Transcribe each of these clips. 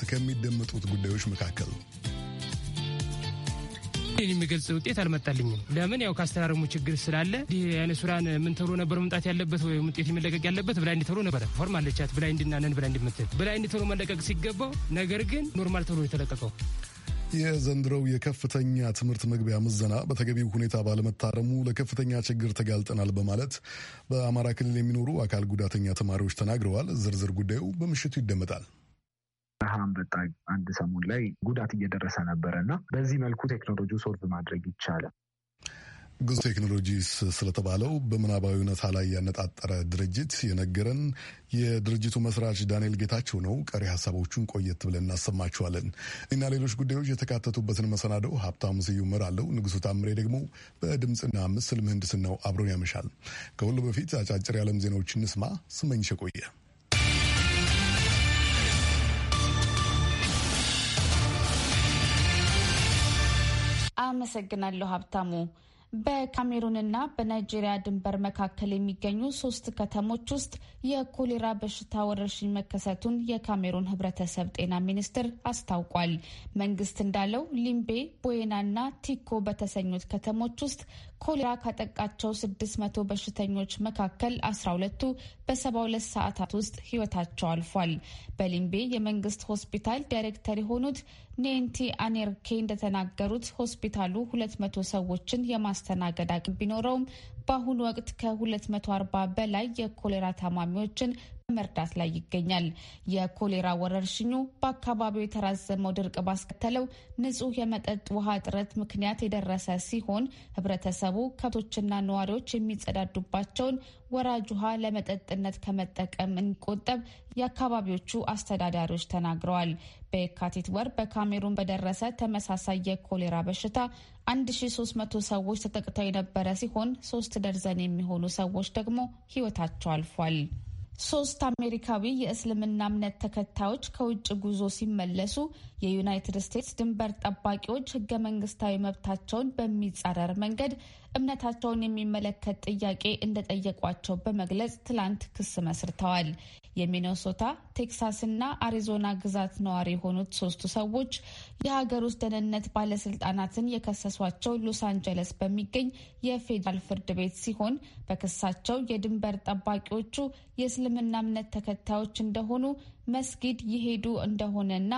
በስፋት ከሚደመጡት ጉዳዮች መካከል ይህን የሚገልጽ ውጤት አልመጣልኝም። ለምን ያው ከአስተራረሙ ችግር ስላለ እንዲህ ሱራን ምን ተብሎ ነበር መምጣት ያለበት ወይም ውጤት የሚለቀቅ ያለበት ብላይንድ ተብሎ ነበረ። ፎርም አለቻት ብላይንድና ነን ብላይንድ የምትል ብላይንድ ተብሎ መለቀቅ ሲገባው፣ ነገር ግን ኖርማል ተብሎ የተለቀቀው የዘንድሮው የከፍተኛ ትምህርት መግቢያ ምዘና በተገቢው ሁኔታ ባለመታረሙ ለከፍተኛ ችግር ተጋልጠናል በማለት በአማራ ክልል የሚኖሩ አካል ጉዳተኛ ተማሪዎች ተናግረዋል። ዝርዝር ጉዳዩ በምሽቱ ይደመጣል። ረሃ አንበጣ አንድ ሰሞን ላይ ጉዳት እየደረሰ ነበረ እና በዚህ መልኩ ቴክኖሎጂ ሶልቭ ማድረግ ይቻላል። ጉዞ ቴክኖሎጂስ ስለተባለው በምናባዊ እውነታ ላይ ያነጣጠረ ድርጅት የነገረን የድርጅቱ መስራች ዳንኤል ጌታቸው ነው። ቀሪ ሀሳቦቹን ቆየት ብለን እናሰማችኋለን እና ሌሎች ጉዳዮች የተካተቱበትን መሰናደው ሀብታሙ ምር አለው። ንጉሱ ታምሬ ደግሞ በድምፅና ምስል ምህንድስናው አብሮን ያመሻል። ከሁሉ በፊት አጫጭር የዓለም ዜናዎች እንስማ። ስመኝሽ ቆየ አመሰግናለሁ ሀብታሙ። በካሜሩንና በናይጄሪያ ድንበር መካከል የሚገኙ ሶስት ከተሞች ውስጥ የኮሌራ በሽታ ወረርሽኝ መከሰቱን የካሜሩን ህብረተሰብ ጤና ሚኒስቴር አስታውቋል። መንግስት እንዳለው ሊምቤ፣ ቦየናና ቲኮ በተሰኙት ከተሞች ውስጥ ኮሌራ ካጠቃቸው 600 በሽተኞች መካከል 12ቱ በ72 ሰዓታት ውስጥ ህይወታቸው አልፏል። በሊምቤ የመንግስት ሆስፒታል ዳይሬክተር የሆኑት ኔንቲ አኔርኬ እንደተናገሩት ሆስፒታሉ 200 ሰዎችን የማ የማስተናገድ አቅም ቢኖረውም በአሁኑ ወቅት ከ240 በላይ የኮሌራ ታማሚዎችን መርዳት ላይ ይገኛል። የኮሌራ ወረርሽኙ በአካባቢው የተራዘመው ድርቅ ባስከተለው ንጹህ የመጠጥ ውሃ እጥረት ምክንያት የደረሰ ሲሆን ህብረተሰቡ ከብቶችና ነዋሪዎች የሚጸዳዱባቸውን ወራጅ ውሃ ለመጠጥነት ከመጠቀም እንዲቆጠብ የአካባቢዎቹ አስተዳዳሪዎች ተናግረዋል። በየካቲት ወር በካሜሩን በደረሰ ተመሳሳይ የኮሌራ በሽታ 1300 ሰዎች ተጠቅተው የነበረ ሲሆን ሶስት ደርዘን የሚሆኑ ሰዎች ደግሞ ሕይወታቸው አልፏል። ሶስት አሜሪካዊ የእስልምና እምነት ተከታዮች ከውጭ ጉዞ ሲመለሱ የዩናይትድ ስቴትስ ድንበር ጠባቂዎች ህገ መንግስታዊ መብታቸውን በሚጻረር መንገድ እምነታቸውን የሚመለከት ጥያቄ እንደጠየቋቸው በመግለጽ ትላንት ክስ መስርተዋል። የሚኔሶታ፣ ቴክሳስ ና አሪዞና ግዛት ነዋሪ የሆኑት ሶስቱ ሰዎች የሀገር ውስጥ ደህንነት ባለስልጣናትን የከሰሷቸው ሎስ አንጀለስ በሚገኝ የፌዴራል ፍርድ ቤት ሲሆን በክሳቸው የድንበር ጠባቂዎቹ የእስልምና እምነት ተከታዮች እንደሆኑ መስጊድ ይሄዱ እንደሆነና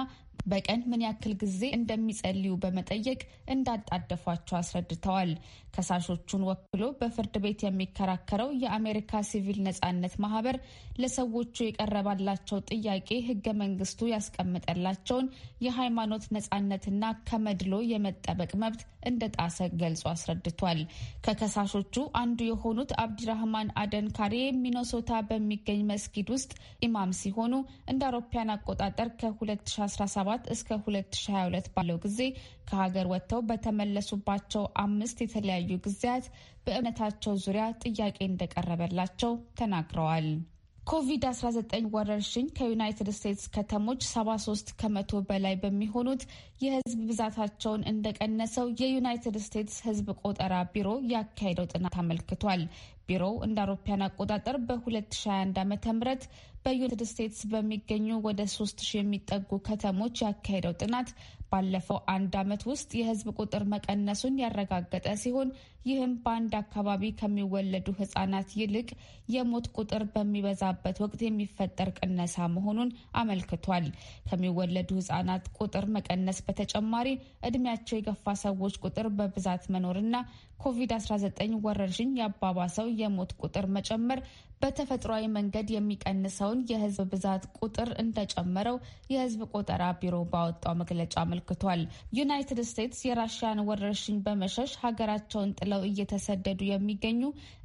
በቀን ምን ያክል ጊዜ እንደሚጸልዩ በመጠየቅ እንዳጣደፏቸው አስረድተዋል። ከሳሾቹን ወክሎ በፍርድ ቤት የሚከራከረው የአሜሪካ ሲቪል ነጻነት ማህበር ለሰዎቹ የቀረባላቸው ጥያቄ ህገ መንግስቱ ያስቀመጠላቸውን የሃይማኖት ነጻነትና ከመድሎ የመጠበቅ መብት እንደጣሰ ገልጾ አስረድቷል። ከከሳሾቹ አንዱ የሆኑት አብዲራህማን አደን ካሬ ሚነሶታ በሚገኝ መስጊድ ውስጥ ኢማም ሲሆኑ እንደ አውሮፓያን አቆጣጠር ከ2017 2017 እስከ 2022 ባለው ጊዜ ከሀገር ወጥተው በተመለሱባቸው አምስት የተለያዩ ጊዜያት በእምነታቸው ዙሪያ ጥያቄ እንደቀረበላቸው ተናግረዋል። ኮቪድ-19 ወረርሽኝ ከዩናይትድ ስቴትስ ከተሞች 73 ከመቶ በላይ በሚሆኑት የህዝብ ብዛታቸውን እንደቀነሰው የዩናይትድ ስቴትስ ህዝብ ቆጠራ ቢሮ ያካሄደው ጥናት አመልክቷል። ቢሮው እንደ አውሮፓያን አቆጣጠር በ2021 ዓ ም በዩናይትድ ስቴትስ በሚገኙ ወደ 3000 የሚጠጉ ከተሞች ያካሄደው ጥናት ባለፈው አንድ ዓመት ውስጥ የህዝብ ቁጥር መቀነሱን ያረጋገጠ ሲሆን ይህም በአንድ አካባቢ ከሚወለዱ ህጻናት ይልቅ የሞት ቁጥር በሚበዛበት ወቅት የሚፈጠር ቅነሳ መሆኑን አመልክቷል። ከሚወለዱ ህጻናት ቁጥር መቀነስ በተጨማሪ እድሜያቸው የገፋ ሰዎች ቁጥር በብዛት መኖርና ኮቪድ-19 ወረርሽኝ ያባባሰው የሞት ቁጥር መጨመር በተፈጥሯዊ መንገድ የሚቀንሰውን የሕዝብ ብዛት ቁጥር እንደጨመረው የህዝብ ቆጠራ ቢሮ ባወጣው መግለጫ አመልክቷል። ዩናይትድ ስቴትስ የራሽያን ወረርሽኝ በመሸሽ ሀገራቸውን ጥለው እየተሰደዱ የሚገኙ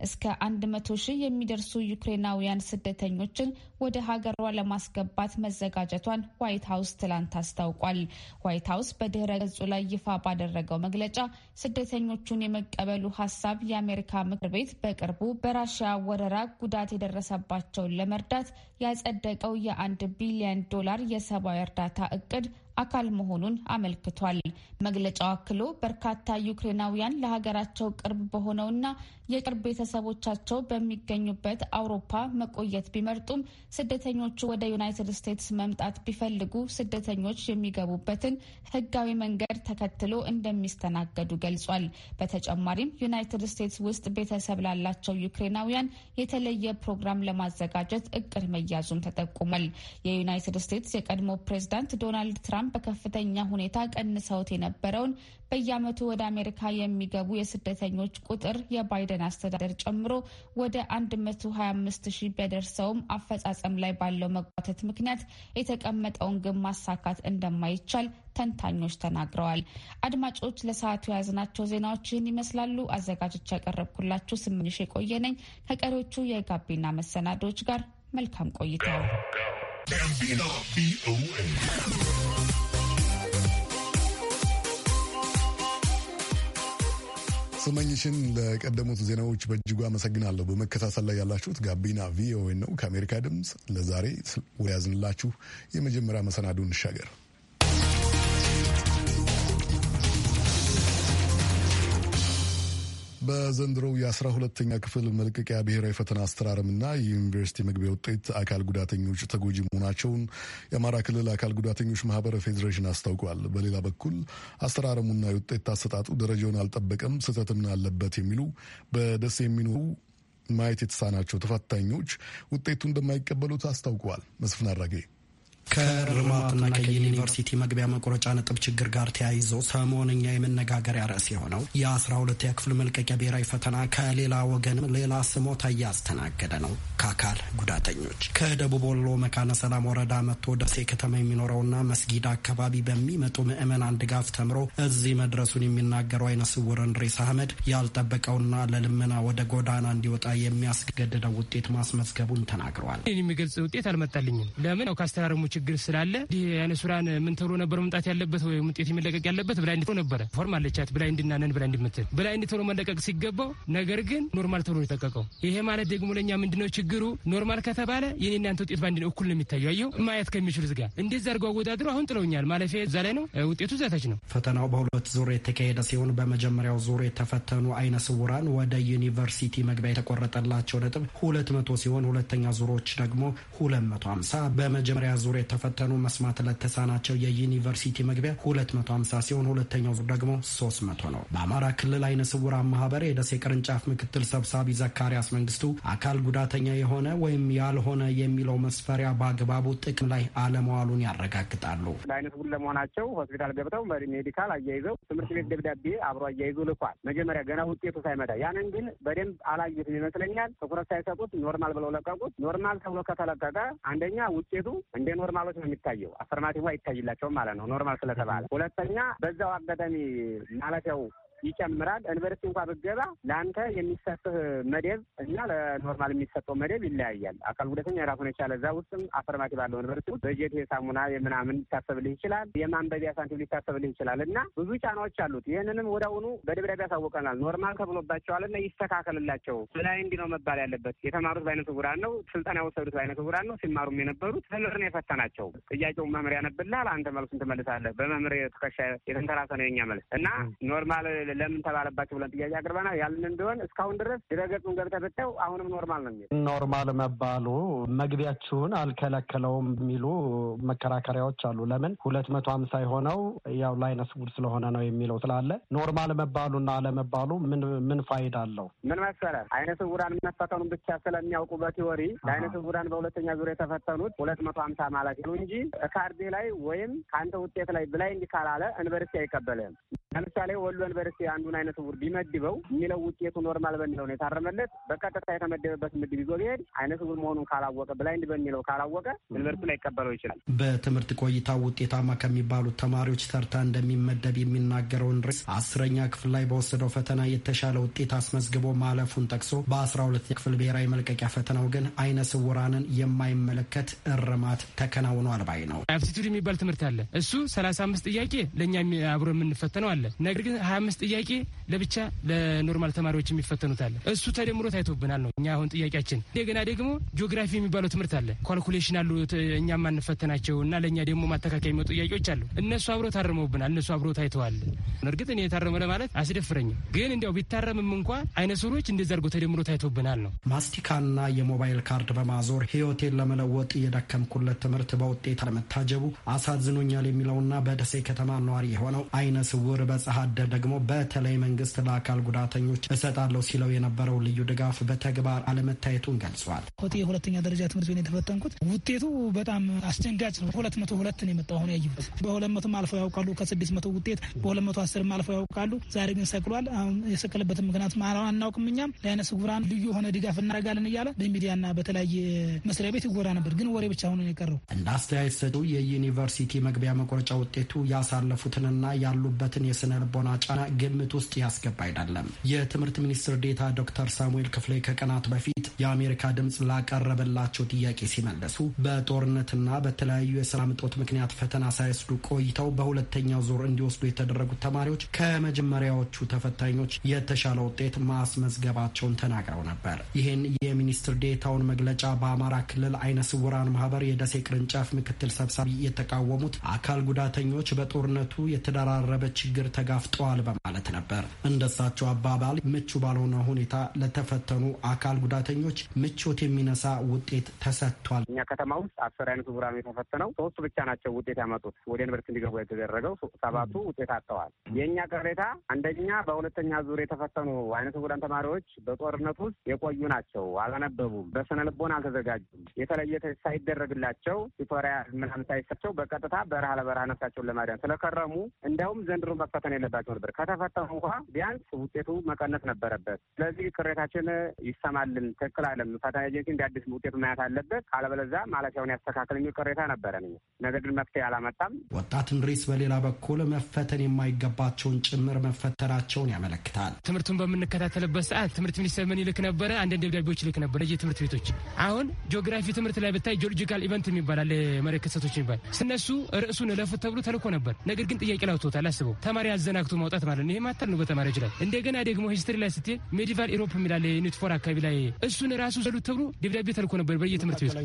እስከ 100 ሺህ የሚደርሱ ዩክሬናውያን ስደተኞችን ወደ ሀገሯ ለማስገባት መዘጋጀቷን ዋይት ሀውስ ትላንት አስታውቋል። ዋይት ሀውስ በድህረ ገጹ ላይ ይፋ ባደረገው መግለጫ ስደተኞቹን የመቀበል የመቀበሉ ሀሳብ የአሜሪካ ምክር ቤት በቅርቡ በራሽያ ወረራ ጉዳት የደረሰባቸውን ለመርዳት ያጸደቀው የአንድ ቢሊዮን ዶላር የሰብአዊ እርዳታ እቅድ አካል መሆኑን አመልክቷል። መግለጫው አክሎ በርካታ ዩክሬናውያን ለሀገራቸው ቅርብ በሆነውና የቅርብ ቤተሰቦቻቸው በሚገኙበት አውሮፓ መቆየት ቢመርጡም ስደተኞቹ ወደ ዩናይትድ ስቴትስ መምጣት ቢፈልጉ ስደተኞች የሚገቡበትን ሕጋዊ መንገድ ተከትሎ እንደሚስተናገዱ ገልጿል። በተጨማሪም ዩናይትድ ስቴትስ ውስጥ ቤተሰብ ላላቸው ዩክሬናውያን የተለየ ፕሮግራም ለማዘጋጀት እቅድ መያዙም ተጠቁሟል። የዩናይትድ ስቴትስ የቀድሞ ፕሬዝዳንት ዶናልድ ትራምፕ በጣም በከፍተኛ ሁኔታ ቀንሰውት የነበረውን በየዓመቱ ወደ አሜሪካ የሚገቡ የስደተኞች ቁጥር የባይደን አስተዳደር ጨምሮ ወደ 125 ሺህ ቢያደርሰውም አፈጻጸም ላይ ባለው መጓተት ምክንያት የተቀመጠውን ግን ማሳካት እንደማይቻል ተንታኞች ተናግረዋል። አድማጮች ለሰዓቱ የያዝናቸው ዜናዎች ይህን ይመስላሉ። አዘጋጆች ያቀረብኩላችሁ ስምንሽ የቆየነኝ ከቀሪዎቹ የጋቢና መሰናዶዎች ጋር መልካም ቆይታ ጋቢና ስመኝሽን ለቀደሙት ዜናዎች በእጅጉ አመሰግናለሁ። በመከታተል ላይ ያላችሁት ጋቢና ቪኦኤ ነው ከአሜሪካ ድምፅ። ለዛሬ ወደ ያዝንላችሁ የመጀመሪያ መሰናዱ እንሻገር። በዘንድሮው የአስራ ሁለተኛ ክፍል መልቀቂያ ብሔራዊ ፈተና አስተራረምና የዩኒቨርሲቲ መግቢያ ውጤት አካል ጉዳተኞች ተጎጂ መሆናቸውን የአማራ ክልል አካል ጉዳተኞች ማህበረ ፌዴሬሽን አስታውቋል። በሌላ በኩል አስተራረሙና የውጤት አሰጣጡ ደረጃውን አልጠበቀም፣ ስህተትም አለበት የሚሉ በደሴ የሚኖሩ ማየት የተሳናቸው ተፈታኞች ውጤቱ እንደማይቀበሉት አስታውቀዋል። መስፍን አራጌ ከርማትና ከዩኒቨርሲቲ መግቢያ መቁረጫ ነጥብ ችግር ጋር ተያይዞ ሰሞንኛ የመነጋገሪያ ርዕስ የሆነው የአስራ ሁለተኛ ክፍል መልቀቂያ ብሔራዊ ፈተና ከሌላ ወገንም ሌላ ስሞታ እያስተናገደ ነው። ከአካል ጉዳተኞች ከደቡብ ወሎ መካነ ሰላም ወረዳ መጥቶ ደሴ ከተማ የሚኖረውና መስጊድ አካባቢ በሚመጡ ምዕመናን ድጋፍ ተምሮ እዚህ መድረሱን የሚናገረው አይነ ስውር እንድሪስ አህመድ ያልጠበቀውና ለልመና ወደ ጎዳና እንዲወጣ የሚያስገድደው ውጤት ማስመዝገቡን ተናግረዋል። የሚገልጽ ውጤት አልመጣልኝም። ለምን ካስተራረሞች ችግር ስላለ እንዲህ አይነ ሱራን ምን ተብሎ ነበር መምጣት ያለበት ወይ ውጤት መለቀቅ ያለበት ብላይ ተብሎ ነበረ። ፎርም አለቻት ብላይ እንድናነን ብላይ እንድምትል ብላይ ብላይንድ ተብሎ መለቀቅ ሲገባው ነገር ግን ኖርማል ተብሎ የተለቀቀው። ይሄ ማለት ደግሞ ለእኛ ምንድነው ችግሩ? ኖርማል ከተባለ የኔ እናንተ ውጤት ባንድ ነው፣ እኩል ነው የሚታየው። አየው ማየት ከሚችሉት ጋር እንደዛ አድርገው አወዳድሮ አሁን ጥለውኛል። ማለፊያ እዛ ላይ ነው፣ ውጤቱ እዛታች ነው። ፈተናው በሁለት ዙር የተካሄደ ሲሆን በመጀመሪያው ዙር የተፈተኑ አይነ ስውራን ወደ ዩኒቨርሲቲ መግቢያ የተቆረጠላቸው ነጥብ ሁለት መቶ ሲሆን ሁለተኛ ዙሮች ደግሞ ሁለት መቶ ሀምሳ በመጀመሪያ ዙር የተፈተኑ መስማት ለተሳናቸው የዩኒቨርሲቲ መግቢያ 250 ሲሆን ሁለተኛው ዙር ደግሞ 300 ነው። በአማራ ክልል አይነ ስውራን ማህበር የደሴ ቅርንጫፍ ምክትል ሰብሳቢ ዘካሪያስ መንግስቱ አካል ጉዳተኛ የሆነ ወይም ያልሆነ የሚለው መስፈሪያ በአግባቡ ጥቅም ላይ አለመዋሉን ያረጋግጣሉ። ለአይነ ስውር ለመሆናቸው ሆስፒታል ገብተው ሜዲካል አያይዘው ትምህርት ቤት ደብዳቤ አብሮ አያይዞ ልኳል። መጀመሪያ ገና ውጤቱ ሳይመጣ ያንን ግን በደንብ አላየትም ይመስለኛል። ትኩረት ሳይሰጡት ኖርማል ብለው ለቀቁት። ኖርማል ተብሎ ከተለቀቀ አንደኛ ውጤቱ እንደ ኖርማል ኖርማሎች ነው የሚታየው። አፈርማቲቭ አይታይላቸውም ማለት ነው ኖርማል ስለተባለ። ሁለተኛ በዛው አጋጣሚ ማለት ያው ይጨምራል። ዩኒቨርሲቲ እንኳ ብገባ ለአንተ የሚሰጥህ መደብ እና ለኖርማል የሚሰጠው መደብ ይለያያል። አካል ጉዳተኛ የራሱን የቻለ እዛ ውስጥም አፈርማቲቭ ባለው ዩኒቨርሲቲ ውስጥ በጀት የሳሙና የምናምን ሊታሰብልህ ይችላል። የማንበቢያ ሳንቲም ሊታሰብልህ ይችላል እና ብዙ ጫናዎች አሉት። ይህንንም ወደ አሁኑ በደብዳቤ ያሳወቀናል። ኖርማል ተብሎባቸዋል እና ይስተካከልላቸው ብላይ እንዲህ ነው መባል ያለበት። የተማሩት በአይነት ስውራን ነው። ስልጠና የወሰዱት በአይነት ስውራን ነው። ሲማሩም የነበሩት ትምህርት ነው የፈተናቸው። ጥያቄውን መምህር ያነብልሃል። አንተ መልሱን ትመልሳለህ። በመምህር ትከሻ የተንተራሰ ነው የኛ መልስ እና ኖርማል ለምን ተባለባቸው ብለን ጥያቄ አቅርበናል። ያልን እንደሆን እስካሁን ድረስ ድረገጹን ገብተህ ብታየው አሁንም ኖርማል ነው የሚል ኖርማል መባሉ መግቢያችሁን አልከለከለውም የሚሉ መከራከሪያዎች አሉ። ለምን ሁለት መቶ ሀምሳ የሆነው ያው ላይነ ስውር ስለሆነ ነው የሚለው ስላለ ኖርማል መባሉና አለመባሉ ምን ምን ፋይዳ አለው? ምን መሰለህ አይነ ስውራን መፈተኑን ብቻ ስለሚያውቁ በቲዎሪ ለአይነ ስውራን በሁለተኛ ዙር የተፈተኑት ሁለት መቶ ሀምሳ ማለት ነው እንጂ ካርዴ ላይ ወይም ከአንተ ውጤት ላይ ብላይ እንዲህ ካላለ ዩኒቨርሲቲ አይቀበልህም። ለምሳሌ ወሎ ዩኒቨርሲቲ አንዱን አይነት ዕውር ቢመድበው የሚለው ውጤቱ ኖርማል በሚለው ነው የታረመለት። በቀጥታ የተመደበበት ምድብ ይዞ ቢሄድ አይነት ዕውር መሆኑን ካላወቀ ብላይንድ በሚለው ካላወቀ ዩኒቨርሲቲ ላይቀበለው ይችላል። በትምህርት ቆይታ ውጤታማ ከሚባሉት ተማሪዎች ተርታ እንደሚመደብ የሚናገረውን ርዕስ አስረኛ ክፍል ላይ በወሰደው ፈተና የተሻለ ውጤት አስመዝግቦ ማለፉን ጠቅሶ በአስራ ሁለት ክፍል ብሔራዊ መልቀቂያ ፈተናው ግን አይነ ስውራንን የማይመለከት እርማት ተከናውኗል ባይ ነው። አፕቲቱድ የሚባል ትምህርት አለ። እሱ ሰላሳ አምስት ጥያቄ ለእኛ አብሮ የምንፈተነው አለ እንችላለን። ነገር ግን ሀያ አምስት ጥያቄ ለብቻ ለኖርማል ተማሪዎች የሚፈተኑት አለ። እሱ ተደምሮ ታይቶብናል ነው እኛ አሁን ጥያቄያችን። እንደገና ደግሞ ጂኦግራፊ የሚባለው ትምህርት አለ። ኳልኩሌሽን አሉ እኛ ማንፈተናቸው እና ለእኛ ደግሞ ማተካከያ የሚወጡ ጥያቄዎች አሉ። እነሱ አብሮ ታረመውብናል። እነሱ አብሮ ታይተዋል። እርግጥ እኔ የታረመ ለማለት አስደፍረኝም፣ ግን እንዲያው ቢታረምም እንኳ አይነ ስውሮች እንደዚ አድርጎ ተደምሮ ታይቶብናል ነው። ማስቲካና የሞባይል ካርድ በማዞር ህይወቴን ለመለወጥ የደከምኩለት ትምህርት በውጤት አለመታጀቡ አሳዝኖኛል የሚለውና በደሴ ከተማ ነዋሪ የሆነው አይነ ስውር በጸሀደ ደግሞ በተለይ መንግስት ለአካል ጉዳተኞች እሰጣለሁ ሲለው የነበረው ልዩ ድጋፍ በተግባር አለመታየቱን ገልጿል። ሆቴ የሁለተኛ ደረጃ ትምህርት ቤት የተፈተንኩት ውጤቱ በጣም አስደንጋጭ ነው። ሁለት መቶ ሁለት ነው የመጣው። አሁን ያዩበት በሁለት መቶም አልፈው ያውቃሉ። ከስድስት መቶ ውጤት በሁለት መቶ አስርም አልፈው ያውቃሉ። ዛሬ ግን ሰቅሏል። አሁን የሰቀለበትን ምክንያት አናውቅም። እኛም ለአይነ ስጉራን ልዩ የሆነ ድጋፍ እናደርጋለን እያለ በሚዲያና በተለያየ መስሪያ ቤት ይጎዳ ነበር። ግን ወሬ ብቻ ሆኖ የቀረው እንደ አስተያየት ሰጡ የዩኒቨርሲቲ መግቢያ መቁረጫ ውጤቱ ያሳለፉትንና ያሉበትን የስነ ልቦና ጫና ግምት ውስጥ ያስገባ አይደለም። የትምህርት ሚኒስትር ዴታ ዶክተር ሳሙኤል ክፍሌ ከቀናት በፊት የአሜሪካ ድምፅ ላቀረበላቸው ጥያቄ ሲመለሱ በጦርነትና በተለያዩ የሰላም እጦት ምክንያት ፈተና ሳይወስዱ ቆይተው በሁለተኛው ዙር እንዲወስዱ የተደረጉት ተማሪዎች ከመጀመሪያዎቹ ተፈታኞች የተሻለ ውጤት ማስመዝገባቸውን ተናግረው ነበር። ይህን የሚኒስትር ዴታውን መግለጫ በአማራ ክልል አይነ ስውራን ማህበር የደሴ ቅርንጫፍ ምክትል ሰብሳቢ የተቃወሙት አካል ጉዳተኞች በጦርነቱ የተደራረበ ችግር ችግር ተጋፍጠዋል በማለት ነበር። እንደሳቸው አባባል ምቹ ባልሆነ ሁኔታ ለተፈተኑ አካል ጉዳተኞች ምቾት የሚነሳ ውጤት ተሰጥቷል። እኛ ከተማ ውስጥ አስር አይነት ቡራን የተፈተነው ሶስቱ ብቻ ናቸው ውጤት ያመጡት ወደ ዩኒቨርሲቲ እንዲገቡ የተደረገው ሰባቱ ውጤት አጥተዋል። የእኛ ቅሬታ አንደኛ በሁለተኛ ዙር የተፈተኑ አይነት ቡራን ተማሪዎች በጦርነት ውስጥ የቆዩ ናቸው። አላነበቡም፣ በስነ ልቦና አልተዘጋጁም። የተለየ ሳይደረግላቸው ቱቶሪያል ምናምን ሳይሰቸው በቀጥታ በረሃ ለበረሃ ነፍሳቸውን ለማዳን ስለከረሙ እንዲያውም ዘንድሮ መፈ መፈተን የለባቸው ነበር። ከተፈተኑ እንኳ ቢያንስ ውጤቱ መቀነስ ነበረበት። ስለዚህ ቅሬታችን ይሰማልን፣ ትክክል አለም። ፈተና ኤጀንሲ እንደ አዲስ ውጤቱ ማየት አለበት፣ ካለበለዚያ ማለፊያውን ያስተካክል የሚል ቅሬታ ነበረ። ነገር ግን መፍትሄ አላመጣም። ወጣት እንድሪስ በሌላ በኩል መፈተን የማይገባቸውን ጭምር መፈተናቸውን ያመለክታል። ትምህርቱን በምንከታተልበት ሰዓት ትምህርት ሚኒስትር ምን ይልክ ነበረ? አንዳንድ ደብዳቤዎች ይልክ ነበረ ትምህርት ቤቶች አሁን ጂኦግራፊ ትምህርት ላይ ብታይ ጂኦሎጂካል ኢቨንት የሚባል አለ መሬት ክስተቶች የሚባል ስነሱ ርዕሱን እለፉት ተብሎ ተልኮ ነበር። ነገር ግን ጥያቄ ላውቶታል አስበው ተማሪ ተማሪ አዘናግቶ ማውጣት ማለት ነው። ይሄ ማታል ነው በተማሪዎች ይችላል። እንደገና ደግሞ ሂስትሪ ላይ ስትሄድ ሜዲቫል ኢሮፕ የሚላለ ኒትፎር አካባቢ ላይ እሱን ራሱ ዘሉት ተብሎ ደብዳቤ ተልኮ ነበር በየትምህርት ቤት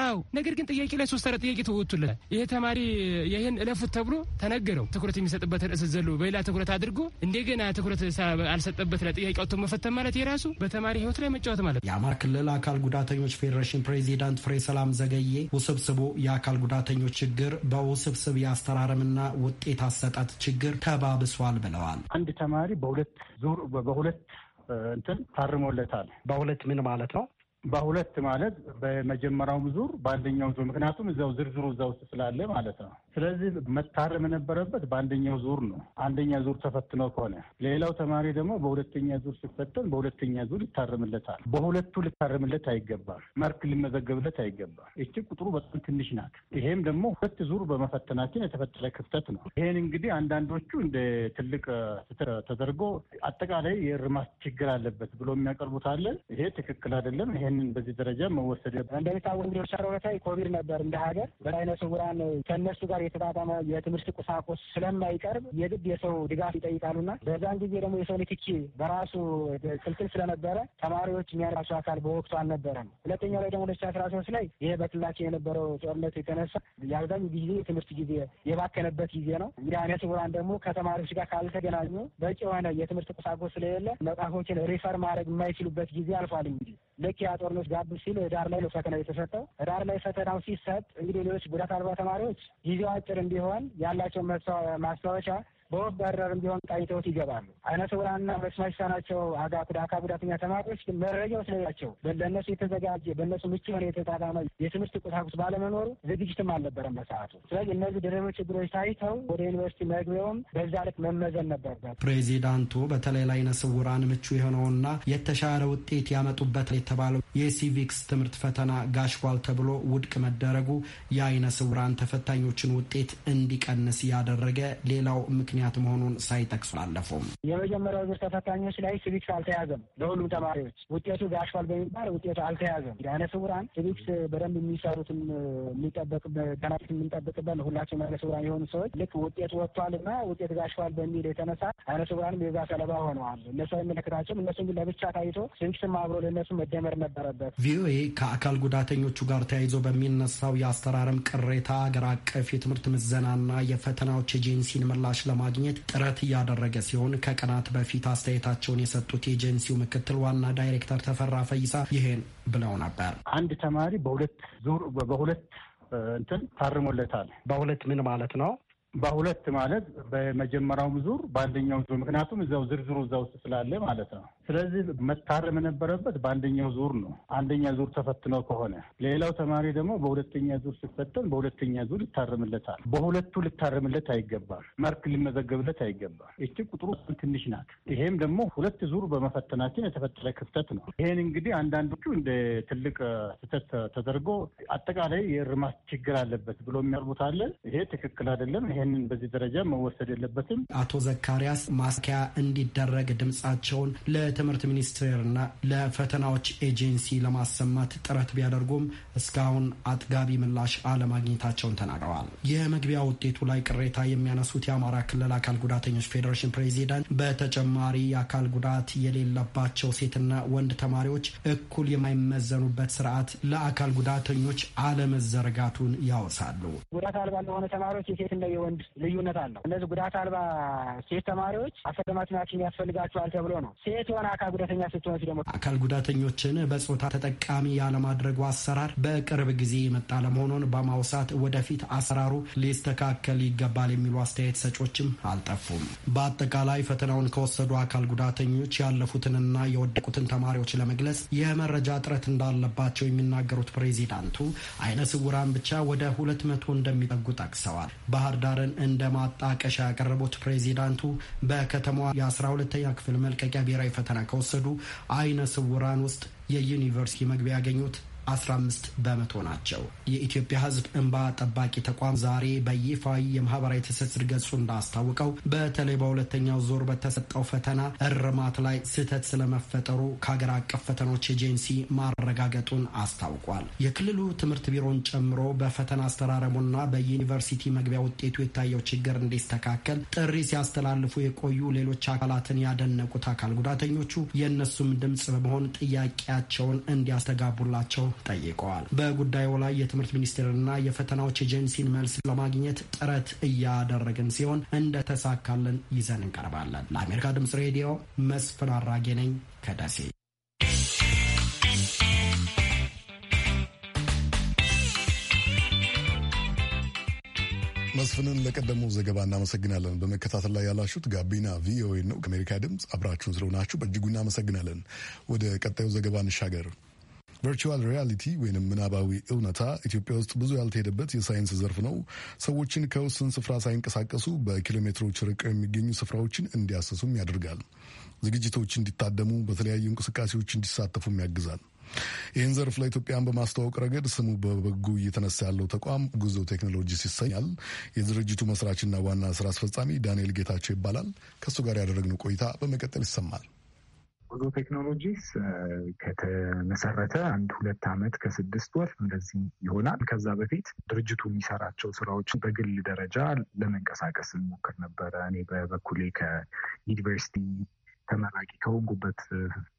አዎ። ነገር ግን ጥያቄ ላይ ሶስት አራት ጥያቄ ተወጥቶለታል። ይሄ ተማሪ ይህን እለፉት ተብሎ ተነገረው። ትኩረት የሚሰጥበት ርዕስ ዘሎ በሌላ ትኩረት አድርጎ እንደገና ትኩረት አልሰጠበት ላይ ጥያቄ አውጥቶ መፈተን ማለት የራሱ በተማሪ ህይወት ላይ መጫወት ማለት። የአማራ ክልል አካል ጉዳተኞች ፌዴሬሽን ፕሬዚዳንት ፍሬ ሰላም ዘገዬ ውስብስቡ የአካል ጉዳተኞች ችግር በውስብስብ የአስተራረምና ውጤት አሰጣት ችግር ችግር ተባብሷል ብለዋል። አንድ ተማሪ በሁለት ዙር በሁለት እንትን ታርሞለታል። በሁለት ምን ማለት ነው? በሁለት ማለት በመጀመሪያውም ዙር በአንደኛው ዙር ምክንያቱም እዚያው ዝርዝሩ እዛ ውስጥ ስላለ ማለት ነው። ስለዚህ መታረም የነበረበት በአንደኛው ዙር ነው። አንደኛ ዙር ተፈትኖ ከሆነ ሌላው ተማሪ ደግሞ በሁለተኛ ዙር ሲፈተን በሁለተኛ ዙር ይታረምለታል። በሁለቱ ልታረምለት አይገባም። መርክ ሊመዘገብለት አይገባም። እቺ ቁጥሩ በጣም ትንሽ ናት። ይሄም ደግሞ ሁለት ዙር በመፈተናችን የተፈጠረ ክፍተት ነው። ይሄን እንግዲህ አንዳንዶቹ እንደ ትልቅ ተደርጎ አጠቃላይ የእርማት ችግር አለበት ብሎ የሚያቀርቡት ይሄ ትክክል አይደለም። ይህንን በዚህ ደረጃ መወሰድ ነበር። እንደሚታወቅ ሻሮ ኮቪድ ነበር እንደ ሀገር በአይነ ስውራን ከእነሱ ጋር የተጣጣመ የትምህርት ቁሳቁስ ስለማይቀርብ የግድ የሰው ድጋፍ ይጠይቃሉና በዛን ጊዜ ደግሞ የሰው ንክኪ በራሱ ክልክል ስለነበረ ተማሪዎች የሚያነሱ አካል በወቅቱ አልነበረም። ሁለተኛው ላይ ደግሞ ሁለት ሺህ አስራ ሶስት ላይ ይሄ በክልላችን የነበረው ጦርነት የተነሳ የአብዛኛው ጊዜ የትምህርት ጊዜ የባከነበት ጊዜ ነው። እንግዲህ አይነ ስውራን ደግሞ ከተማሪዎች ጋር ካልተገናኙ በቂ የሆነ የትምህርት ቁሳቁስ ስለሌለ መጽሐፎችን ሪፈር ማድረግ የማይችሉበት ጊዜ አልፏል እንግዲህ ልክ ያ ጦርነት ጋብ ሲል ህዳር ላይ ነው ፈተናው የተሰጠው። ህዳር ላይ ፈተናው ሲሰጥ እንግዲህ ሌሎች ጉዳት አልባ ተማሪዎች ጊዜው አጭር እንዲሆን ያላቸው ማስታወሻ በወፍ በረርም ቢሆን ቃኝተውት ይገባሉ። አይነ ስውራንና መስማት የተሳናቸው አካል ጉዳተኛ ተማሪዎች ግን መረጃው ስለሌላቸው ለእነሱ የተዘጋጀ በእነሱ ምቹ የሆነ የተጣጣመ የትምህርት ቁሳቁስ ባለመኖሩ ዝግጅትም አልነበረም በሰዓቱ። ስለዚህ እነዚህ ድርብ ችግሮች ታይተው ወደ ዩኒቨርሲቲ መግቢያውም በዛ ልክ መመዘን ነበርበት። ፕሬዚዳንቱ በተለይ ለአይነ ስውራን ምቹ የሆነውና የተሻለ ውጤት ያመጡበት የተባለው የሲቪክስ ትምህርት ፈተና ጋሽኳል ተብሎ ውድቅ መደረጉ የአይነ ስውራን ተፈታኞችን ውጤት እንዲቀንስ ያደረገ ሌላው ምክንያት ምክንያት መሆኑን ሳይጠቅሱ አለፉም። የመጀመሪያው ዙር ተፈታኞች ላይ ሲቪክስ አልተያዘም። በሁሉም ተማሪዎች ውጤቱ ጋሽፋል በሚባል ውጤቱ አልተያዘም። ዓይነ ስውራን ሲቪክስ በደንብ የሚሰሩትም ተማሪት የምንጠብቅበት ሁላቸው ዓይነ ስውራን የሆኑ ሰዎች ልክ ውጤት ወጥቷልና ውጤት ጋሽፋል በሚል የተነሳ አይነ ስውራንም የዛ ሰለባ ሆነዋል። እነሱ አይመለከታቸውም። እነሱ ግን ለብቻ ታይቶ ሲቪክስም አብሮ ለእነሱ መደመር ነበረበት። ቪኦኤ ከአካል ጉዳተኞቹ ጋር ተያይዞ በሚነሳው የአስተራረም ቅሬታ አገር አቀፍ የትምህርት ምዘናና የፈተናዎች ኤጀንሲን ምላሽ ለማ ለማግኘት ጥረት እያደረገ ሲሆን ከቀናት በፊት አስተያየታቸውን የሰጡት ኤጀንሲው ምክትል ዋና ዳይሬክተር ተፈራ ፈይሳ ይሄን ብለው ነበር። አንድ ተማሪ በሁለት ዙር በሁለት እንትን ታርሞለታል። በሁለት ምን ማለት ነው? በሁለት ማለት በመጀመሪያውም ዙር በአንደኛውም ዙር ምክንያቱም እዛው ዝርዝሩ እዛ ውስጥ ስላለ ማለት ነው። ስለዚህ መታረም የነበረበት በአንደኛው ዙር ነው። አንደኛ ዙር ተፈትኖ ከሆነ ሌላው ተማሪ ደግሞ በሁለተኛ ዙር ሲፈተን በሁለተኛ ዙር ይታረምለታል። በሁለቱ ልታረምለት አይገባም። መርክ ሊመዘገብለት አይገባም። እቺ ቁጥሩ ትንሽ ናት። ይሄም ደግሞ ሁለት ዙር በመፈተናችን የተፈጠረ ክፍተት ነው። ይሄን እንግዲህ አንዳንዶቹ እንደ ትልቅ ስህተት ተደርጎ አጠቃላይ የእርማት ችግር አለበት ብሎ የሚያርቡት አለ። ይሄ ትክክል አይደለም። ይሄንን በዚህ ደረጃ መወሰድ የለበትም። አቶ ዘካሪያስ ማስኪያ እንዲደረግ ድምጻቸውን ለ ለትምህርት ሚኒስቴርና ለፈተናዎች ኤጀንሲ ለማሰማት ጥረት ቢያደርጉም እስካሁን አጥጋቢ ምላሽ አለማግኘታቸውን ተናግረዋል። የመግቢያ ውጤቱ ላይ ቅሬታ የሚያነሱት የአማራ ክልል አካል ጉዳተኞች ፌዴሬሽን ፕሬዚዳንት በተጨማሪ የአካል ጉዳት የሌለባቸው ሴትና ወንድ ተማሪዎች እኩል የማይመዘኑበት ስርዓት ለአካል ጉዳተኞች አለመዘርጋቱን ያወሳሉ። ጉዳት አልባ ለሆነ ተማሪዎች የሴትና የወንድ ልዩነት አለው። እነዚህ ጉዳት አልባ ሴት ተማሪዎች አሰለማት ያስፈልጋቸዋል ተብሎ ነው ሴት አካል ጉዳተኛ ስትሆን ደግሞ አካል ጉዳተኞችን በጾታ ተጠቃሚ ያለማድረጉ አሰራር በቅርብ ጊዜ የመጣ ለመሆኑን በማውሳት ወደፊት አሰራሩ ሊስተካከል ይገባል የሚሉ አስተያየት ሰጮችም አልጠፉም። በአጠቃላይ ፈተናውን ከወሰዱ አካል ጉዳተኞች ያለፉትንና የወደቁትን ተማሪዎች ለመግለጽ የመረጃ እጥረት እንዳለባቸው የሚናገሩት ፕሬዚዳንቱ አይነ ስውራን ብቻ ወደ ሁለት መቶ እንደሚጠጉ ጠቅሰዋል። ባህር ዳርን እንደ ማጣቀሻ ያቀረቡት ፕሬዚዳንቱ በከተማዋ የአስራ ሁለተኛ ክፍል መልቀቂያ ብሔራዊ ፈተና ስልጠና ከወሰዱ አይነ ስውራን ውስጥ የዩኒቨርሲቲ መግቢያ ያገኙት 15 በመቶ ናቸው። የኢትዮጵያ ሕዝብ እንባ ጠባቂ ተቋም ዛሬ በይፋዊ የማህበራዊ ትስስር ገጹ እንዳስታወቀው በተለይ በሁለተኛው ዞር በተሰጠው ፈተና እርማት ላይ ስህተት ስለመፈጠሩ ከሀገር አቀፍ ፈተናዎች ኤጀንሲ ማረጋገጡን አስታውቋል። የክልሉ ትምህርት ቢሮን ጨምሮ በፈተና አስተራረሙና በዩኒቨርሲቲ መግቢያ ውጤቱ የታየው ችግር እንዲስተካከል ጥሪ ሲያስተላልፉ የቆዩ ሌሎች አካላትን ያደነቁት አካል ጉዳተኞቹ የእነሱም ድምፅ በመሆን ጥያቄያቸውን እንዲያስተጋቡላቸው ጠይቀዋል። በጉዳዩ ላይ የትምህርት ሚኒስቴርና የፈተናዎች ኤጀንሲን መልስ ለማግኘት ጥረት እያደረግን ሲሆን እንደተሳካልን ይዘን እንቀርባለን። ለአሜሪካ ድምጽ ሬዲዮ መስፍን አራጌ ነኝ ከደሴ። መስፍንን ለቀደመው ዘገባ እናመሰግናለን። በመከታተል ላይ ያላችሁት ጋቢና ቪኦኤ ነው። ከአሜሪካ ድምፅ አብራችሁን ስለሆናችሁ በእጅጉ እናመሰግናለን። ወደ ቀጣዩ ዘገባ እንሻገር። ቨርቹዋል ሪያሊቲ ወይም ምናባዊ እውነታ ኢትዮጵያ ውስጥ ብዙ ያልተሄደበት የሳይንስ ዘርፍ ነው። ሰዎችን ከውስን ስፍራ ሳይንቀሳቀሱ በኪሎሜትሮች ሜትሮች ርቀው የሚገኙ ስፍራዎችን እንዲያሰሱም ያደርጋል። ዝግጅቶች እንዲታደሙ፣ በተለያዩ እንቅስቃሴዎች እንዲሳተፉም ያግዛል። ይህን ዘርፍ ለኢትዮጵያን በማስተዋወቅ ረገድ ስሙ በበጎ እየተነሳ ያለው ተቋም ጉዞ ቴክኖሎጂስ ይሰኛል። የድርጅቱ መስራችና ዋና ስራ አስፈጻሚ ዳንኤል ጌታቸው ይባላል። ከእሱ ጋር ያደረግነው ቆይታ በመቀጠል ይሰማል። ጉዞ ቴክኖሎጂስ ከተመሰረተ አንድ ሁለት አመት ከስድስት ወር እንደዚህ ይሆናል። ከዛ በፊት ድርጅቱ የሚሰራቸው ስራዎች በግል ደረጃ ለመንቀሳቀስ እንሞክር ነበረ። እኔ በበኩሌ ከዩኒቨርሲቲ ተመራቂ ከሆንኩበት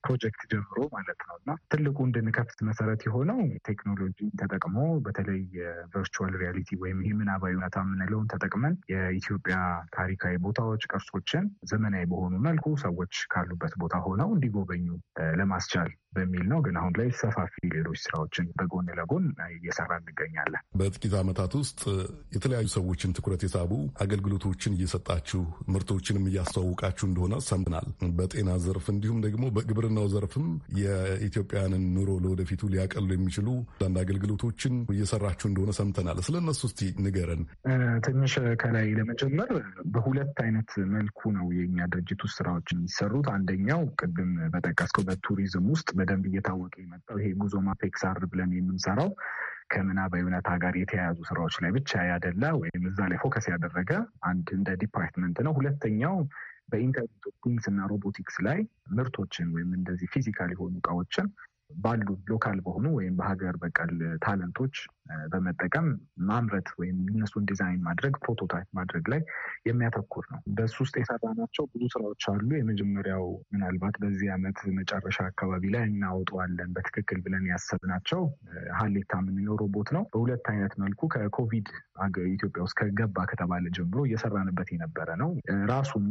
ፕሮጀክት ጀምሮ ማለት ነው እና ትልቁ እንድንከፍት መሰረት የሆነው ቴክኖሎጂ ተጠቅሞ በተለይ የቨርቹዋል ሪያሊቲ ወይም የምናባዊ እውነታ የምንለውን ተጠቅመን የኢትዮጵያ ታሪካዊ ቦታዎች፣ ቅርሶችን ዘመናዊ በሆኑ መልኩ ሰዎች ካሉበት ቦታ ሆነው እንዲጎበኙ ለማስቻል በሚል ነው። ግን አሁን ላይ ሰፋፊ ሌሎች ስራዎችን በጎን ለጎን እየሰራ እንገኛለን። በጥቂት ዓመታት ውስጥ የተለያዩ ሰዎችን ትኩረት የሳቡ አገልግሎቶችን እየሰጣችሁ ምርቶችንም እያስተዋውቃችሁ እንደሆነ ሰምተናል። በጤና ዘርፍ እንዲሁም ደግሞ በግብርና በሕክምናው ዘርፍም የኢትዮጵያውያንን ኑሮ ለወደፊቱ ሊያቀሉ የሚችሉ አንዳንድ አገልግሎቶችን እየሰራችሁ እንደሆነ ሰምተናል። ስለ እነሱ እስቲ ንገረን ትንሽ። ከላይ ለመጀመር በሁለት አይነት መልኩ ነው የኛ ድርጅት ውስጥ ስራዎች የሚሰሩት። አንደኛው ቅድም በጠቀስከው በቱሪዝም ውስጥ በደንብ እየታወቀ የመጣው ይሄ ጉዞ ማፔክሳር ብለን የምንሰራው ከምናብ እውነታ ጋር የተያያዙ ስራዎች ላይ ብቻ ያደላ ወይም እዛ ላይ ፎከስ ያደረገ አንድ እንደ ዲፓርትመንት ነው። ሁለተኛው በኢንተርኔት ቲንግስ እና ሮቦቲክስ ላይ ምርቶችን ወይም እንደዚህ ፊዚካል የሆኑ እቃዎችን ባሉ ሎካል በሆኑ ወይም በሀገር በቀል ታለንቶች በመጠቀም ማምረት ወይም እነሱን ዲዛይን ማድረግ ፕሮቶታይፕ ማድረግ ላይ የሚያተኩር ነው። በሱ ውስጥ የሰራናቸው ብዙ ስራዎች አሉ። የመጀመሪያው ምናልባት በዚህ ዓመት መጨረሻ አካባቢ ላይ እናወጣዋለን በትክክል ብለን ያሰብናቸው ሀሌታ የምንለው ሮቦት ነው። በሁለት አይነት መልኩ ከኮቪድ ኢትዮጵያ ውስጥ ከገባ ከተባለ ጀምሮ እየሰራንበት የነበረ ነው። ራሱሙ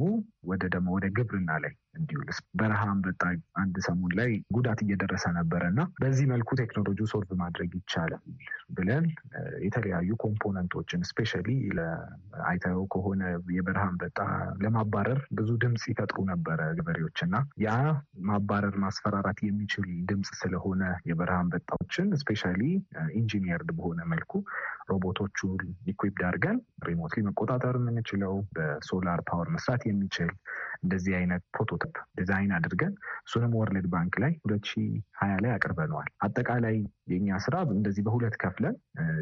ወደ ደግሞ ወደ ግብርና ላይ እንዲውልስ በረሃ አንበጣ አንድ ሰሞን ላይ ጉዳት እየደረሰ ነበረ እና በዚህ መልኩ ቴክኖሎጂ ሶልቭ ማድረግ ይቻላል ብለን የተለያዩ ኮምፖነንቶችን ስፔሻሊ አይተው ከሆነ የበረሃ አንበጣ ለማባረር ብዙ ድምፅ ይፈጥሩ ነበረ ገበሬዎች እና ያ ማባረር ማስፈራራት የሚችል ድምፅ ስለሆነ የበረሃ አንበጣዎችን ስፔሻሊ ኢንጂኒየርድ በሆነ መልኩ ሮቦቶቹ ኢኩዊፕድ አድርገን ሪሞትሊ መቆጣጠር የምንችለው በሶላር ፓወር መስራት የሚችል እንደዚህ አይነት ፕሮቶታይፕ ዲዛይን አድርገን እሱንም ወርልድ ባንክ ላይ ሁለት ሀያ ላይ አቅርበነዋል። አጠቃላይ የእኛ ስራ እንደዚህ በሁለት ከፍለን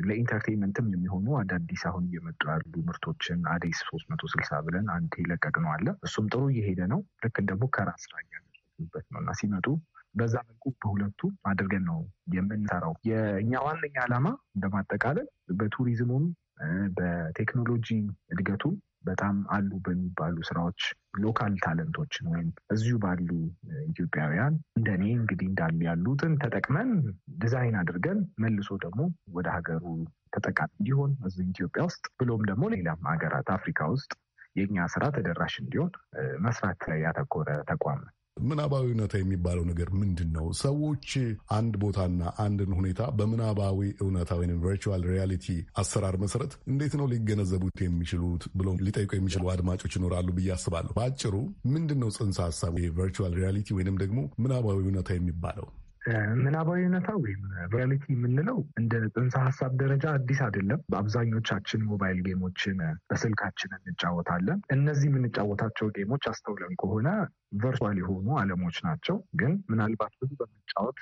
ለኢንተርቴንመንትም የሚሆኑ አዳዲስ አሁን እየመጡ ያሉ ምርቶችን አዲስ ሶስት መቶ ስልሳ ብለን አንድ ይለቀቅነው አለ። እሱም ጥሩ እየሄደ ነው። ልክ እንደ ሙከራ ስራ እያደረጉበት ነው እና ሲመጡ በዛ መልኩ በሁለቱ አድርገን ነው የምንሰራው። የእኛ ዋነኛ ዓላማ እንደማጠቃለል በቱሪዝሙም በቴክኖሎጂ እድገቱም በጣም አሉ በሚባሉ ስራዎች ሎካል ታለንቶችን ወይም እዚሁ ባሉ ኢትዮጵያውያን እንደኔ እንግዲህ እንዳሉ ያሉትን ተጠቅመን ዲዛይን አድርገን መልሶ ደግሞ ወደ ሀገሩ ተጠቃሚ እንዲሆን እዚህ ኢትዮጵያ ውስጥ ብሎም ደግሞ ሌላም ሀገራት አፍሪካ ውስጥ የእኛ ስራ ተደራሽ እንዲሆን መስራት ያተኮረ ተቋም ነው። ምናባዊነት የሚባለው ነገር ምንድን ነው? ሰዎች አንድ ቦታና አንድን ሁኔታ በምናባዊ እውነታ ወይም ቨርቹዋል ሪያሊቲ አሰራር መሰረት እንዴት ነው ሊገነዘቡት የሚችሉት ብሎ ሊጠይቁ የሚችሉ አድማጮች ይኖራሉ ብዬ አስባለሁ። በአጭሩ ምንድን ነው ጽንሰ ሀሳቡ ቨርቹዋል ሪያሊቲ ወይንም ደግሞ ምናባዊ እውነታ የሚባለው? ምናባዊ እውነታ ወይም ሪያሊቲ የምንለው እንደ ጽንሰ ሀሳብ ደረጃ አዲስ አይደለም። በአብዛኞቻችን ሞባይል ጌሞችን በስልካችን እንጫወታለን። እነዚህ የምንጫወታቸው ጌሞች አስተውለን ከሆነ ቨርቹዋል የሆኑ ዓለሞች ናቸው። ግን ምናልባት ብዙ በመጫወት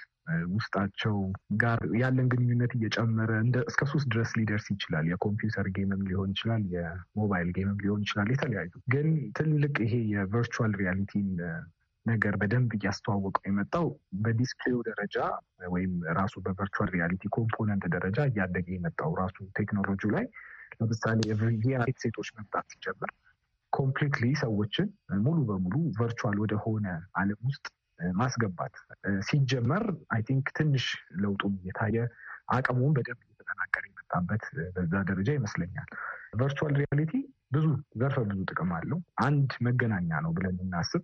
ውስጣቸው ጋር ያለን ግንኙነት እየጨመረ እስከ ሶስት ድረስ ሊደርስ ይችላል። የኮምፒውተር ጌምም ሊሆን ይችላል፣ የሞባይል ጌምም ሊሆን ይችላል። የተለያዩ ግን ትልቅ ይሄ የቨርቹዋል ሪያሊቲን ነገር በደንብ እያስተዋወቀው የመጣው በዲስፕሌው ደረጃ ወይም ራሱ በቨርቹዋል ሪያሊቲ ኮምፖነንት ደረጃ እያደገ የመጣው ራሱ ቴክኖሎጂ ላይ ለምሳሌ የቪአር ሴቶች መምጣት ሲጀምር ኮምፕሊትሊ ሰዎችን ሙሉ በሙሉ ቨርቹዋል ወደሆነ አለም ውስጥ ማስገባት ሲጀመር አይ ቲንክ ትንሽ ለውጡም እየታየ አቅሙም በደንብ እየተጠናከረ የመጣበት በዛ ደረጃ ይመስለኛል። ቨርቹዋል ሪያሊቲ ብዙ ዘርፈ ብዙ ጥቅም አለው። አንድ መገናኛ ነው ብለን እናስብ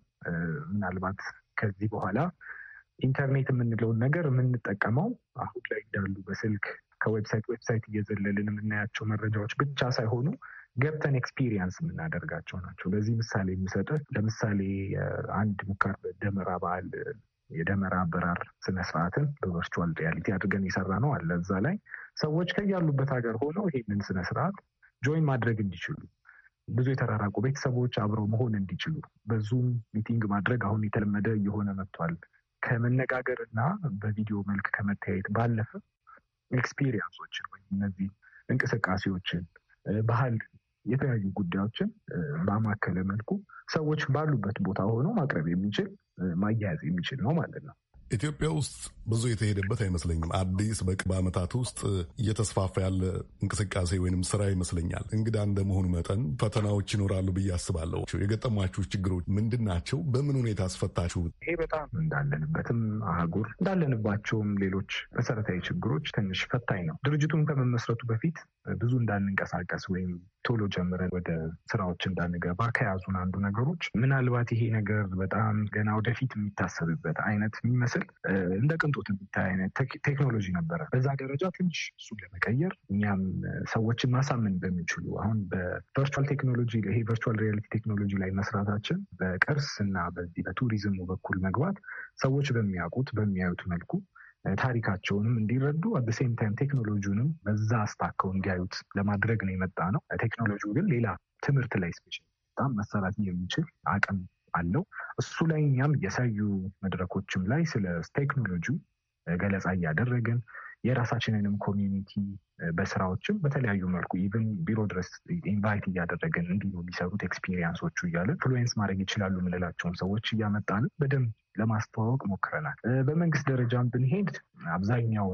ምናልባት ከዚህ በኋላ ኢንተርኔት የምንለውን ነገር የምንጠቀመው አሁን ላይ እንዳሉ በስልክ ከዌብሳይት ዌብሳይት እየዘለልን የምናያቸው መረጃዎች ብቻ ሳይሆኑ ገብተን ኤክስፒሪየንስ የምናደርጋቸው ናቸው። ለዚህ ምሳሌ የሚሰጠው ለምሳሌ አንድ ሙከር ደመራ በዓል የደመራ አበራር ስነስርዓትን በቨርቹዋል ሪያሊቲ አድርገን የሰራ ነው አለ። እዛ ላይ ሰዎች ከያሉበት ሀገር ሆነው ይህንን ስነስርዓት ጆይን ማድረግ እንዲችሉ ብዙ የተራራቁ ቤተሰቦች አብረው መሆን እንዲችሉ በዙም ሚቲንግ ማድረግ አሁን የተለመደ እየሆነ መጥቷል። ከመነጋገር እና በቪዲዮ መልክ ከመተያየት ባለፈ ኤክስፒሪየንሶችን ወይም እነዚህ እንቅስቃሴዎችን፣ ባህል፣ የተለያዩ ጉዳዮችን ባማከለ መልኩ ሰዎች ባሉበት ቦታ ሆኖ ማቅረብ የሚችል ማያያዝ የሚችል ነው ማለት ነው። ኢትዮጵያ ውስጥ ብዙ የተሄደበት አይመስለኝም። አዲስ በቅርብ ዓመታት ውስጥ እየተስፋፋ ያለ እንቅስቃሴ ወይንም ስራ ይመስለኛል። እንግዳ እንደመሆኑ መጠን ፈተናዎች ይኖራሉ ብዬ አስባለሁ። የገጠሟችሁ ችግሮች ምንድን ናቸው? በምን ሁኔታ አስፈታችሁ? ይሄ በጣም እንዳለንበትም አህጉር እንዳለንባቸውም ሌሎች መሰረታዊ ችግሮች ትንሽ ፈታኝ ነው። ድርጅቱን ከመመስረቱ በፊት ብዙ እንዳንንቀሳቀስ ወይም ቶሎ ጀምረን ወደ ስራዎች እንዳንገባ ከያዙን አንዱ ነገሮች ምናልባት ይሄ ነገር በጣም ገና ወደፊት የሚታሰብበት አይነት የሚመስል ስል እንደ ቅንጦት የሚታይ አይነት ቴክኖሎጂ ነበረ። በዛ ደረጃ ትንሽ እሱን ለመቀየር እኛም ሰዎችን ማሳመን በሚችሉ አሁን በቨርቹዋል ቴክኖሎጂ ይሄ ቨርቹዋል ሪያሊቲ ቴክኖሎጂ ላይ መስራታችን በቅርስ እና በዚህ በቱሪዝሙ በኩል መግባት ሰዎች በሚያውቁት በሚያዩት መልኩ ታሪካቸውንም እንዲረዱ አደ ሴም ታይም ቴክኖሎጂውንም በዛ አስታከው እንዲያዩት ለማድረግ ነው የመጣ ነው። ቴክኖሎጂው ግን ሌላ ትምህርት ላይ ስፔሻል በጣም መሰራት የሚችል አቅም አለው። እሱ ላይ እኛም የሳዩ መድረኮችም ላይ ስለ ቴክኖሎጂ ገለጻ እያደረግን የራሳችንንም ኮሚኒቲ በስራዎችም በተለያዩ መልኩ ኢቨን ቢሮ ድረስ ኢንቫይት እያደረግን እንዲህ የሚሰሩት ኤክስፒሪየንሶቹ እያለ ኢንፍሉዌንስ ማድረግ ይችላሉ የምንላቸውን ሰዎች እያመጣን በደንብ ለማስተዋወቅ ሞክረናል። በመንግስት ደረጃም ብንሄድ አብዛኛው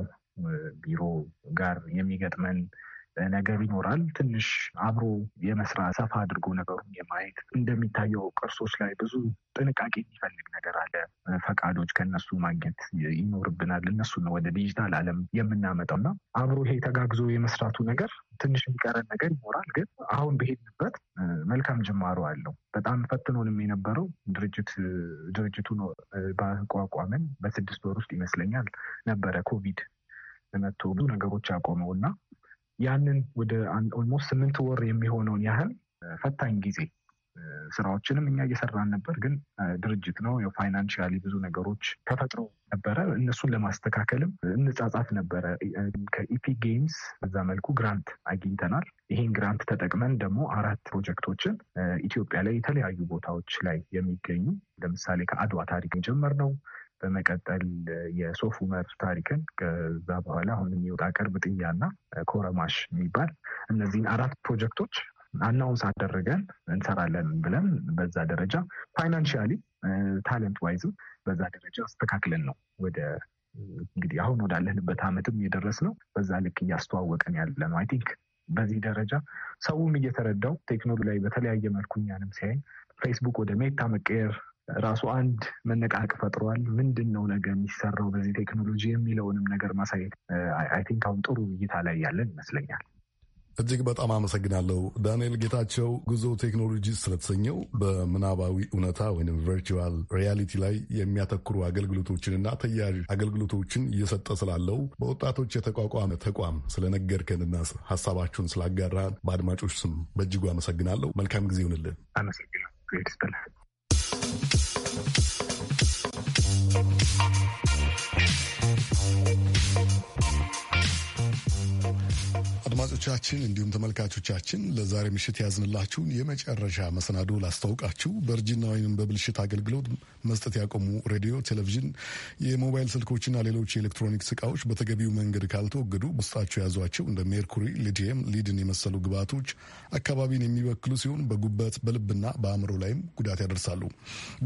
ቢሮ ጋር የሚገጥመን ነገር ይኖራል። ትንሽ አብሮ የመስራት ሰፋ አድርጎ ነገሩን የማየት እንደሚታየው ቅርሶች ላይ ብዙ ጥንቃቄ የሚፈልግ ነገር አለ። ፈቃዶች ከነሱ ማግኘት ይኖርብናል። እነሱ ነው ወደ ዲጂታል ዓለም የምናመጣው እና አብሮ ይሄ ተጋግዞ የመስራቱ ነገር ትንሽ የሚቀረን ነገር ይኖራል። ግን አሁን በሄድንበት መልካም ጅማሮ አለው። በጣም ፈትኖንም የነበረው ድርጅት ድርጅቱን ባቋቋመን በስድስት ወር ውስጥ ይመስለኛል ነበረ ኮቪድ መጥቶ ብዙ ነገሮች ያቆመው እና ያንን ወደ ኦልሞስት ስምንት ወር የሚሆነውን ያህል ፈታኝ ጊዜ ስራዎችንም እኛ እየሰራን ነበር። ግን ድርጅት ነው ፋይናንሽያሊ ብዙ ነገሮች ተፈጥሮ ነበረ። እነሱን ለማስተካከልም እንጻጻፍ ነበረ። ከኢፒ ጌምስ በዛ መልኩ ግራንት አግኝተናል። ይህን ግራንት ተጠቅመን ደግሞ አራት ፕሮጀክቶችን ኢትዮጵያ ላይ የተለያዩ ቦታዎች ላይ የሚገኙ ለምሳሌ ከአድዋ ታሪክ የጀመርነው በመቀጠል የሶፍ ዑመር ታሪክን ከዛ በኋላ አሁን የሚወጣ ቅርብ ጥያ ጥያና ኮረማሽ የሚባል እነዚህን አራት ፕሮጀክቶች አናውንስ አደረገን እንሰራለን ብለን በዛ ደረጃ ፋይናንሽያሊ ታለንት ዋይዝም በዛ ደረጃ አስተካክለን ነው ወደ እንግዲህ አሁን ወዳለንበት ዓመትም የደረስ ነው። በዛ ልክ እያስተዋወቀን ያለ ነው። አይ ቲንክ በዚህ ደረጃ ሰውም እየተረዳው ቴክኖሎጂ ላይ በተለያየ መልኩ እኛንም ሲያይ ፌስቡክ ወደ ሜታ መቀየር ራሱ አንድ መነቃቅ ፈጥሯል። ምንድን ነው ነገ የሚሰራው በዚህ ቴክኖሎጂ የሚለውንም ነገር ማሳየት አይ ቲንክ አሁን ጥሩ እይታ ላይ ያለን ይመስለኛል። እጅግ በጣም አመሰግናለሁ ዳንኤል ጌታቸው። ጉዞ ቴክኖሎጂ ስለተሰኘው በምናባዊ እውነታ ወይም ቨርቹዋል ሪያሊቲ ላይ የሚያተኩሩ አገልግሎቶችንና ተያያዥ አገልግሎቶችን እየሰጠ ስላለው በወጣቶች የተቋቋመ ተቋም ስለነገርከንና ሀሳባችሁን ስላጋራን በአድማጮች ስም በእጅጉ አመሰግናለሁ። መልካም ጊዜ ይሁንልን። አመሰግናለሁ። Thank you. አድማጮቻችን እንዲሁም ተመልካቾቻችን ለዛሬ ምሽት ያዝንላችሁን የመጨረሻ መሰናዶ ላስታውቃችሁ። በእርጅና ወይም በብልሽት አገልግሎት መስጠት ያቆሙ ሬዲዮ፣ ቴሌቪዥን፣ የሞባይል ስልኮችና ሌሎች የኤሌክትሮኒክስ እቃዎች በተገቢው መንገድ ካልተወገዱ ውስጣቸው የያዟቸው እንደ ሜርኩሪ፣ ሊቲየም፣ ሊድን የመሰሉ ግብዓቶች አካባቢን የሚበክሉ ሲሆን በጉበት በልብና በአእምሮ ላይም ጉዳት ያደርሳሉ።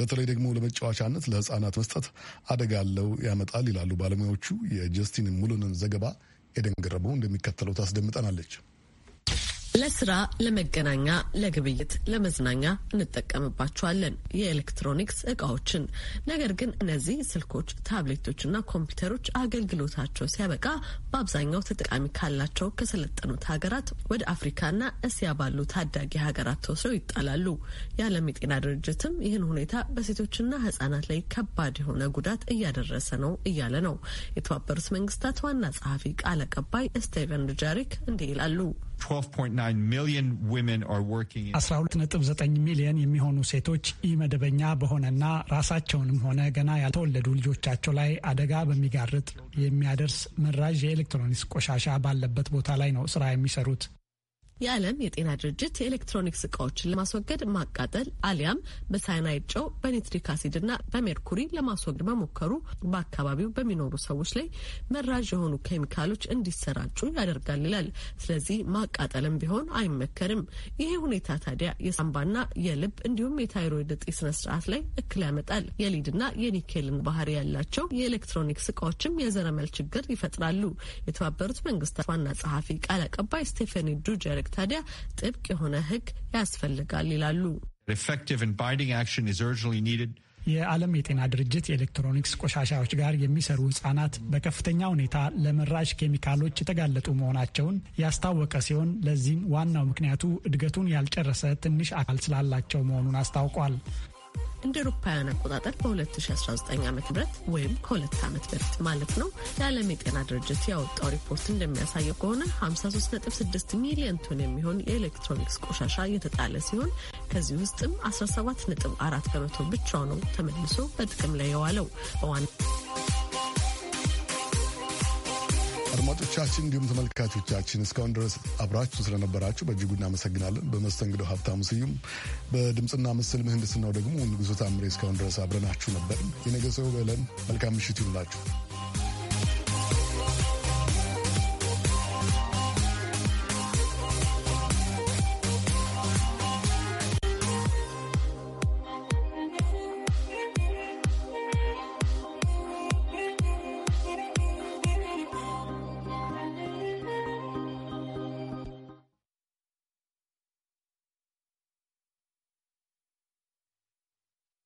በተለይ ደግሞ ለመጫወቻነት ለህጻናት መስጠት አደጋ አለው ያመጣል ይላሉ ባለሙያዎቹ። የጀስቲን ሙሉንን ዘገባ ኤደን ገረበው እንደሚከተለው ታስደምጠናለች። ለስራ፣ ለመገናኛ፣ ለግብይት፣ ለመዝናኛ እንጠቀምባቸዋለን የኤሌክትሮኒክስ እቃዎችን። ነገር ግን እነዚህ ስልኮች፣ ታብሌቶችና ኮምፒውተሮች አገልግሎታቸው ሲያበቃ በአብዛኛው ተጠቃሚ ካላቸው ከሰለጠኑት ሀገራት ወደ አፍሪካና እስያ ባሉ ታዳጊ ሀገራት ተወስደው ይጣላሉ። የዓለም የጤና ድርጅትም ይህን ሁኔታ በሴቶችና ህጻናት ላይ ከባድ የሆነ ጉዳት እያደረሰ ነው እያለ ነው። የተባበሩት መንግስታት ዋና ጸሐፊ ቃል አቀባይ ስቴቨን ዱጃሪክ እንዲህ ይላሉ። አስራ ሁለት ነጥብ ሚሊዮን የሚሆኑ ሴቶች ኢመደበኛ በሆነና ራሳቸውንም ሆነ ገና ያልተወለዱ ልጆቻቸው ላይ አደጋ በሚጋርጥ የሚያደርስ መራዥ የኤሌክትሮኒክስ ቆሻሻ ባለበት ቦታ ላይ ነው ስራ የሚሰሩት። የዓለም የጤና ድርጅት የኤሌክትሮኒክስ እቃዎችን ለማስወገድ ማቃጠል አሊያም በሳይናይድ ጨው፣ በኒትሪክ አሲድና በሜርኩሪ ለማስወገድ መሞከሩ በአካባቢው በሚኖሩ ሰዎች ላይ መራዥ የሆኑ ኬሚካሎች እንዲሰራጩ ያደርጋል ይላል። ስለዚህ ማቃጠልም ቢሆን አይመከርም። ይሄ ሁኔታ ታዲያ የሳምባና የልብ እንዲሁም የታይሮይድ እጢ ስነ ስርዓት ላይ እክል ያመጣል። የሊድና የኒኬልን ባህሪ ያላቸው የኤሌክትሮኒክስ እቃዎችም የዘረመል ችግር ይፈጥራሉ። የተባበሩት መንግስታት ዋና ጸሐፊ ቃል አቀባይ ስቴፈኒ ዱጀሪክ ታዲያ ጥብቅ የሆነ ህግ ያስፈልጋል ይላሉ። የዓለም የጤና ድርጅት የኤሌክትሮኒክስ ቆሻሻዎች ጋር የሚሰሩ ህጻናት በከፍተኛ ሁኔታ ለመራሽ ኬሚካሎች የተጋለጡ መሆናቸውን ያስታወቀ ሲሆን ለዚህም ዋናው ምክንያቱ እድገቱን ያልጨረሰ ትንሽ አካል ስላላቸው መሆኑን አስታውቋል። እንደ ኤሮፓውያን አቆጣጠር በ2019 ዓ ም ወይም ከሁለት ዓመት በፊት ማለት ነው። የዓለም የጤና ድርጅት ያወጣው ሪፖርት እንደሚያሳየው ከሆነ 536 ሚሊዮን ቶን የሚሆን የኤሌክትሮኒክስ ቆሻሻ እየተጣለ ሲሆን ከዚህ ውስጥም 17.4 በመቶ ነው ተመልሶ በጥቅም ላይ የዋለው በዋና አድማጮቻችን እንዲሁም ተመልካቾቻችን እስካሁን ድረስ አብራችሁ ስለነበራችሁ በእጅጉ እናመሰግናለን። በመስተንግዶ ሀብታሙ ስዩም፣ በድምፅና ምስል ምህንድስናው ደግሞ ንጉሱ ታምሬ እስካሁን ድረስ አብረናችሁ ነበር። የነገ ሰው በለን መልካም ምሽት ይሁንላችሁ።